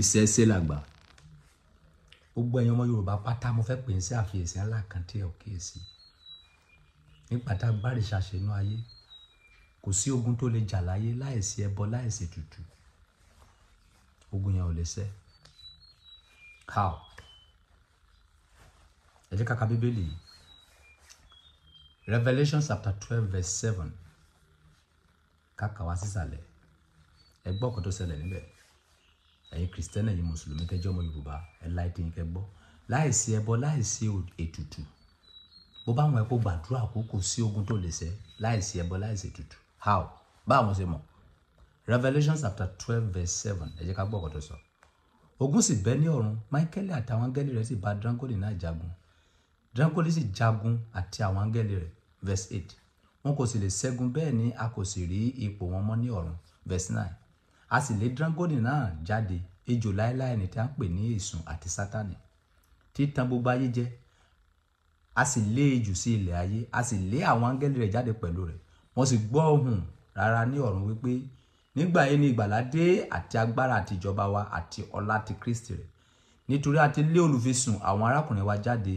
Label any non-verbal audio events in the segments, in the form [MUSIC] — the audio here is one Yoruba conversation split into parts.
ìṣẹ̀ṣe làgbà gbogbo ẹ̀yin ọmọ Yorùbá pátá mo fẹ́ pè é sí àfiyèsí ńlá kan tí ẹ ò kíyèsí nígbà tá a bá rè ṣàṣẹnú ayé kò sí ogun tó lè jà láyé láìsí ẹbọ láìsí tutù ogun yẹn ò lè ṣẹ how ẹ jẹ́ ká bíbélì yìí Revelation chapter twelve verse seven ká wá sísàlẹ̀ ẹ gbọ́ ọ̀kan tó ṣẹlẹ̀ níbẹ̀ ẹ̀yin kìrìsìtẹ́nì ẹ̀yin mùsùlùmí tẹ́jọ́ ọmọ yorùbá ẹ̀ láì tí yín kẹ́ gbọ́ láìsí ẹbọ láìsí ètùtù bó bá wọn ẹ kó gbàdúrà kó kò sí ogun tó lè ṣẹ láìsí ẹbọ láìsí ètùtù how báwọn ṣe mọ̀ Revelation chapter twelve verse seven ẹ jẹ́ ká gbọ́ ọ̀kọ́ sọ ogun sì bẹ́ ní ọ̀run Michael àtàwọn áńgẹ́lì rẹ̀ sì bá Dánkólì náà jagun Dánkólì sì jagun àti àwọn áńgẹ́lì rẹ̀ verse eight wọn kò sì lè ṣẹ́gun bẹ́ẹ̀ ni a kò sì rí ipò wọn mọ́ ní ọ̀run verse nine a sì lé Dragoni náà jáde ejò láéláé ni tí a ń pè ní èsùn àti sátani títan gbogbo ayé jẹ a sì lé ejò sí ilẹ̀ ayé a sì lé àwọn áńgẹ́lì rẹ̀ jáde pẹ̀lú rẹ̀ wọ́n sì gbọ́ ohùn rárá ní ọ̀run wípé nígbà yìí ni ìgbàlà àti agbára àti ìjọba wa àti ọlá ti Kristi rẹ̀ nítorí a ti lé olùfisùn àwọn arákùnrin wa jáde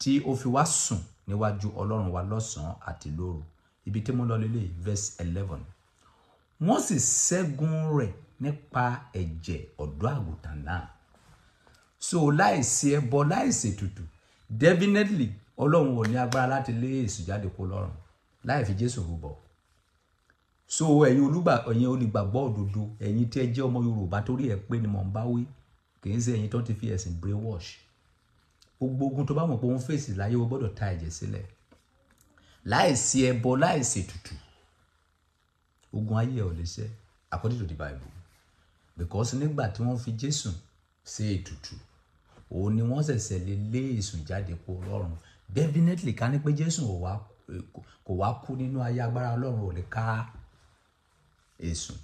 tí ó fi wá sùn níwájú ọlọ́run wa lọ́sàn-án àti lóru ibi tí mo lọ lélẹ̀ verse eleven wọ́n sì ṣẹ́gun rẹ̀ nípa ẹ̀jẹ̀ ọ̀dọ́ àgùntàn náà so láìsí ẹbọ láìsí ètùtù definitely ọlọ́run ò ní agbára láti lé èṣù jáde kó lọ́rùn láì fi jésù rúbọ so ẹ̀yin olùgbà ẹ̀yin olùgbàgbọ́ òdodo ẹ̀yin tí ẹ jẹ́ ọmọ yorùbá torí ẹ pé ni mò ń bá wí kì í ṣe ẹ̀yin tó ti fi ẹ̀sìn brainwash gbogbo ogun tó bá mọ̀ pé òun fèsì láyé o gbọ́dọ̀ ta ẹ̀jẹ̀ sílẹ̀ láìsí ẹbọ láìsí ètùtù ogun ayé ẹ̀ ò lè ṣẹ according to the bible because nígbà tí wọ́n fi jésù ṣe ètùtù òun ni wọ́n ṣẹ̀ṣẹ̀ lè lé èsùn jáde kó ọlọ́run definitely ká ní pé jésù kò wá kú nínú ayé agbára ọlọ́run ò lè ká èsùn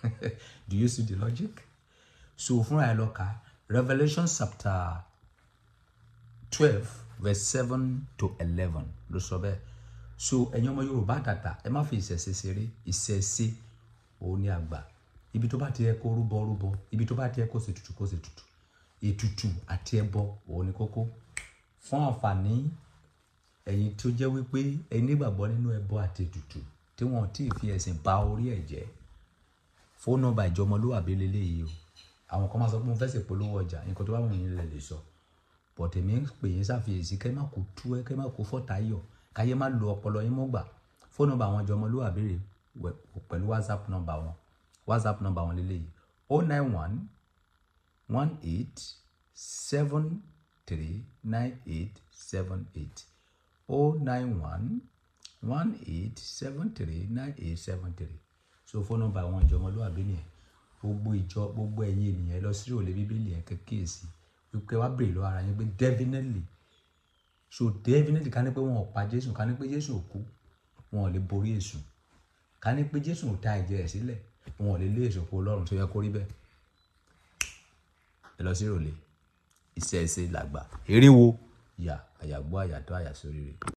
[LAUGHS] do you see the logic so fúnra ẹ lọ kà revelation chapter twelve verse seven to eleven ló sọ bẹ́ẹ̀ so ẹ̀yin ọmọ yorùbá àtàtà ẹ má fi ìṣẹ̀ṣe ṣeré ìṣẹ̀ṣe òun ni àgbà ibi tó bá ti yẹ kó rúbọ rúbọ ibi tó bá ti yẹ kó ṣe tutù kó ṣe tutù ètùtù àti ẹbọ òun ni kókó fún àǹfààní ẹ̀yin tó jẹ́ wípé ẹ nígbàgbọ́ nínú ẹbọ àti ètùtù tí wọ́n ti fi ẹ̀sìn ba orí ẹ̀ jẹ́ fóònù nọ́mbà ìjọmọ ló wà bí lélẹ́yìí o àwọn kan máa sọ pé mo fẹ́ ṣèpolówó ọjà káyé má lo ọpọlọ yín mọ́ gbà fóònù nọ́mbà àwọn Jọmọlúwàbí rèé pẹ̀lú whatsapp nọ́mbà wọn whatsapp nọ́mbà wọn lélẹ́yìí o oh nine one one eight seven three nine eight seven eight o oh nine one one eight seven three nine eight seven three so fóònù nọ́mbà àwọn Jọmọlúwàbí nìyẹn gbogbo ìjọ gbogbo ẹ̀yin ènìyàn lọ sí òòlù bíbélì ẹ̀ kékeré sí i wípé wàá bèrè lọ ara yín pé definitely so definitely ká ní pé wọn ò pa jésù ká ní pé jésù ò kú wọn ò lè borí èṣù ká ní pé jésù ò ta ẹ̀jẹ̀ rẹ̀ sílẹ̀ wọn ò lè lé èṣù kó lọ́rùn tó yẹ kó rí bẹ́ẹ̀ ẹ lọ sí ìrọ̀lẹ́ iṣẹ́ ẹsẹ̀ làgbà erin wo yà àyàgbọ́ àyàtọ̀ àyàsóríire.